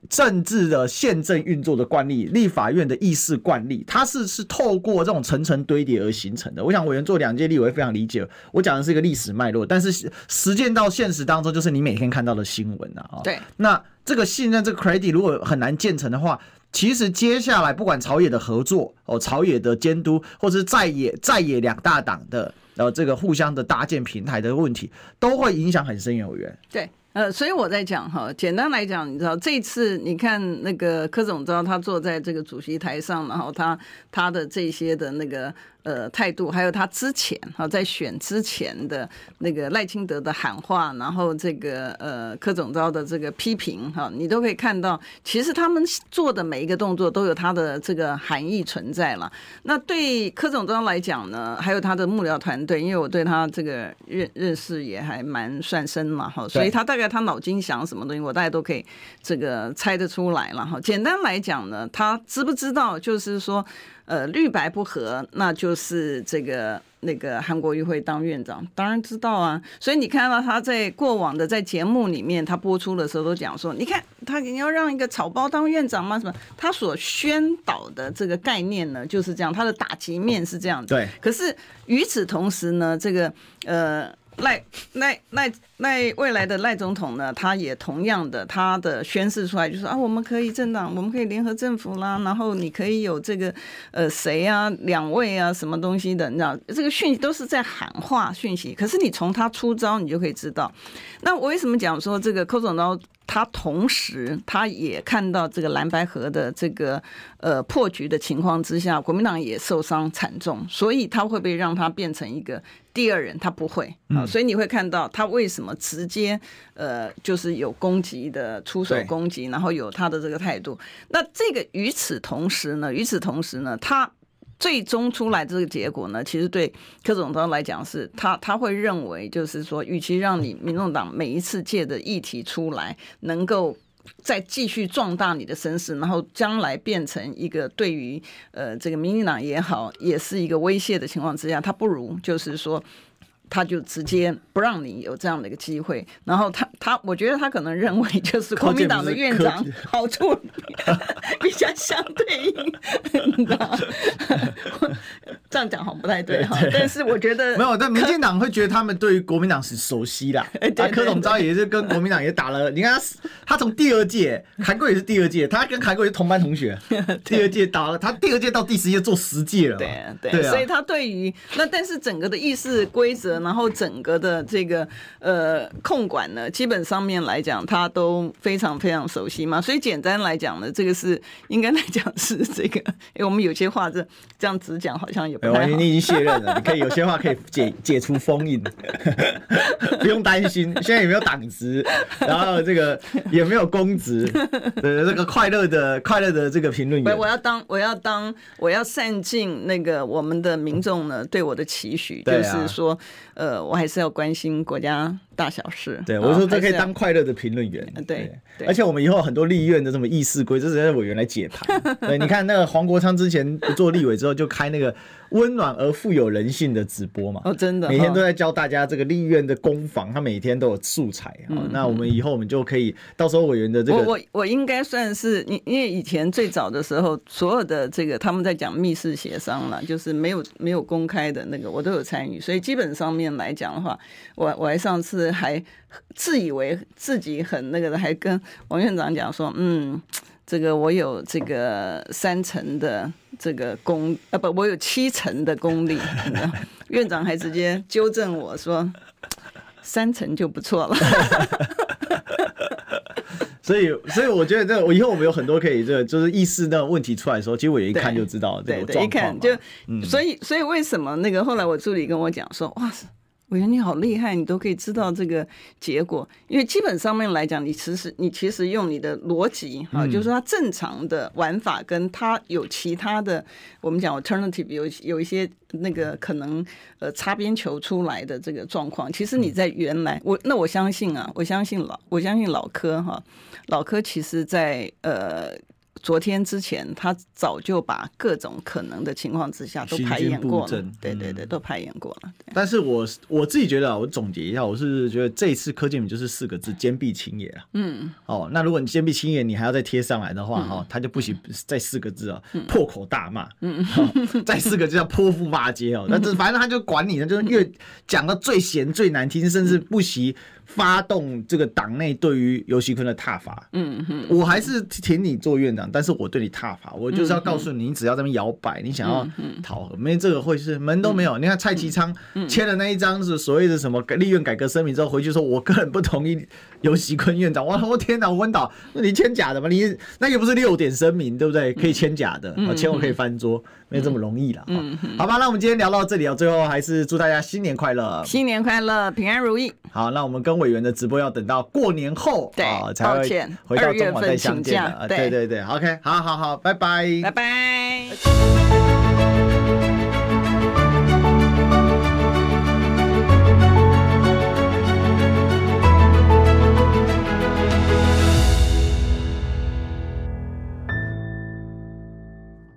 政治的憲政運作的慣例、立法院的議事慣例，它是是透過這種層層堆疊而形成的。我想委員做兩屆立委非常理解，我講的是一個歷史脈絡，但是實踐到現實當中，就是你每天看到的新聞啊。對，那這個信任，這個 credit 如果很難建成的話。其實接下來不管朝野的合作哦，朝野的監督，或者是在野在野兩大黨的呃這個互相的搭建平台的問題，都會影響很深有緣。對，呃，所以我在講哈，簡單來講，你知道這次你看那個柯總召，他坐在這個主席台上，然後他他的這些的那個，呃，態度還有他之前哈、哦，在選之前的那個賴清德的喊話，然後這個呃柯總召的這個批評哈、哦，你都可以看到，其實他們做的每一個動作都有它的這個含義存在了。那對柯總召來講呢，還有他的幕僚團隊，因為我對他這個認認識也還蠻算深嘛哈、哦，所以他大概他腦筋想什麼東西，我大概都可以這個猜得出來了哈、哦。簡單來講呢，他知不知道就是說。呃，綠白不合，那就是這個那個韓國瑜會當院長，當然知道啊。所以你看到他在過往的在節目裡面他播出的時候都講說，你看他你要讓一個草包當院長嗎？什麼？他所宣導的這個概念呢，就是這樣。他的打擊面是這樣的。哦、對。可是與此同時呢，這個呃。賴賴賴賴，未來的賴總統呢，他也同樣的，他的宣示出來就是啊，我們可以政黨，我們可以聯合政府啦，然後你可以有這個呃誰啊，兩位啊，什麼東西的，你知道這個訊息都是在喊話訊息。可是你從他出招，你就可以知道。那我為什麼講說這個柯總刀。他同時，他也看到這個藍白合的這個呃破局的情況之下，國民黨也受傷慘重，所以他會不會讓他變成一個第二人？他不會啊、呃，所以你會看到他為什麼直接呃，就是有攻擊的出手攻擊，然後有他的這個態度。對那這個與此同時呢？與此同時呢？他。最終出來的這個結果呢，其實對柯總統來講是，是他他會認為，就是說，與其讓你民眾黨每一次借的議題出來，能夠再繼續壯大你的聲勢，然後將來變成一個對於呃這個民進黨也好，也是一個威脅的情況之下，他不如就是說，他就直接不讓你有這樣的一個機會，然後他他，我覺得他可能認為就是國民黨的院長好處比， 比較相對應， 這樣講好像不太對哈。對對，但是我覺得沒有，但民進黨會覺得他們對於國民黨是熟悉啦。哎對對對對、啊，柯總召也是跟國民黨也打了。對對對，你看他，他從第二屆，韓國也是第二屆，他跟韓國也是同班同學，對對，第二屆打了，他第二屆到第十屆做十屆了。對對，對啊、所以他對於那但是整個的議事規則。然後整個的這個呃，控管呢，基本上面來講，他都非常非常熟悉嘛。所以簡單來講呢，這個是應該來講是這個，因、欸、為我們有些話這這樣子講好像有。沒關係，你已經卸任了， 你可以有些話可以解 解，解除封印， 不用擔心。現在也沒有黨職，然後這個也沒有公職，呃，那、這個快樂的 快樂的這個評論員。我要當，我要當，我要散盡那個我們的民眾呢對我的期許，啊、就是說。呃，我還是要關心國家。大小事，對我說這可以當快樂的評論員。對，而且我們以後很多立院的什麼議事規則，是在委員來解盤。對，你看那個黃國昌之前不做立委之後，就開那個溫暖而富有人性的直播嘛。哦，真的，每天都在教大家這個立院的攻防，他每天都有素材。嗯，那我們以後我們就可以到時候委員的這個。我我我應該算是，因因為以前最早的時候，所有的這個他們在講密室協商了，就是沒有沒有公開的那個，我都有參與，所以基本上面來講的話，我我還上次。還自以為自己很那個的，還跟王院長講說：“嗯，這個我有這個三成的這個功啊，不，我有七成的功力。” 院長還直接糾正我說：“三成就不錯了。 ” 所以，所以我覺得這個，我以後我們有很多可以，這個就是意識到問題出來的時候，其實我一看就知道對對對，一看就、嗯、所以，所以為什麼那個後來我助理跟我講說：“哇！”我覺得你好厲害，你都可以知道這個結果，因為基本上面來講，你其實你其實用你的邏輯哈、嗯啊，就是說它正常的玩法，跟它有其他的，我們講 alternative 有有一些那個可能呃擦邊球出來的這個狀況，其實你在原來、嗯、我那我相信啊，我相信老我相信老柯哈、啊、老柯其實在呃。昨天之前，他早就把各種可能的情況之下都排演過了，對對對，都排演過了。但是我我自己覺得，我總結一下，我是覺得這一次柯建銘就是四個字：堅壁清野啊。嗯。哦，那如果你堅壁清野，你還要再貼上來的話，哈，他就不行。再四個字啊，破口大罵。嗯。再四個字叫潑婦罵街哦。那這反正他就管你呢，就是越講到最閒、最難聽，甚至不惜。發動這個黨內對於游錫堃的撻伐，嗯嗯哼，我還是挺你做院長，嗯、哼但是我對你撻伐，嗯、哼我就是要告訴你，你只要這麼搖擺，嗯、哼你想要討和，嗯、哼沒這個會是門都沒有。嗯、哼你看蔡其昌簽了那一張是所謂的什麼立院改革聲明之後回去說，我個人不同意游錫堃院長，我、嗯、哼我天哪，我昏倒，那你簽假的嗎？你那又不是六點聲明，對不對？可以簽假的，簽、嗯、哼我可以翻桌。嗯沒有這麼容易了，嗯哼，好吧，那我們今天聊到這裡啊，最後還是祝大家新年快樂，新年快樂，平安如意。好，那我們跟委員的直播要等到過年後，對，才會回到中份再相見了。對，對對對，OK，好好好，拜拜，拜拜。